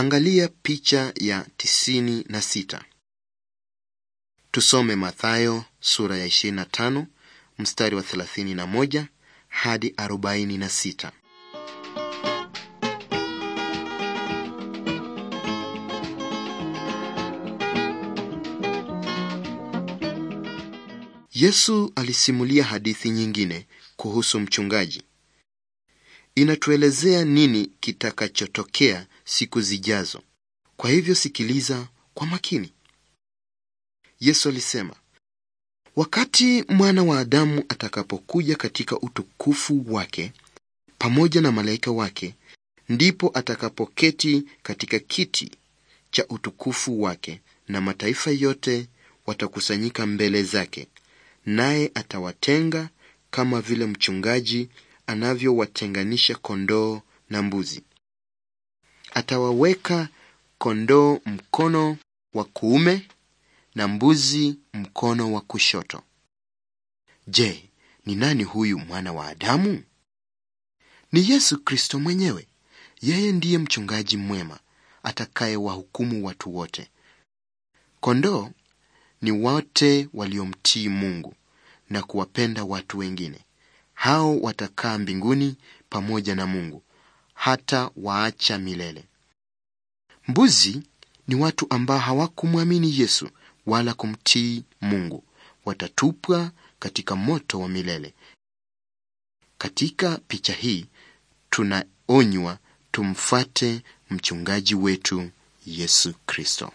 Angalia picha ya tisini na sita. Tusome Mathayo sura ya 25 mstari wa 31 hadi 46. Yesu alisimulia hadithi nyingine kuhusu mchungaji inatuelezea nini kitakachotokea siku zijazo. Kwa hivyo sikiliza kwa makini. Yesu alisema, wakati mwana wa Adamu atakapokuja katika utukufu wake pamoja na malaika wake, ndipo atakapoketi katika kiti cha utukufu wake, na mataifa yote watakusanyika mbele zake, naye atawatenga kama vile mchungaji anavyowatenganisha kondoo na mbuzi. Atawaweka kondoo mkono wa kuume na mbuzi mkono wa kushoto. Je, ni nani huyu mwana wa Adamu? Ni Yesu Kristo mwenyewe. Yeye ndiye mchungaji mwema atakayewahukumu watu wote. Kondoo ni wote waliomtii Mungu na kuwapenda watu wengine hao watakaa mbinguni pamoja na Mungu hata waacha milele. Mbuzi ni watu ambao hawakumwamini Yesu wala kumtii Mungu, watatupwa katika moto wa milele. Katika picha hii tunaonywa tumfate mchungaji wetu Yesu Kristo.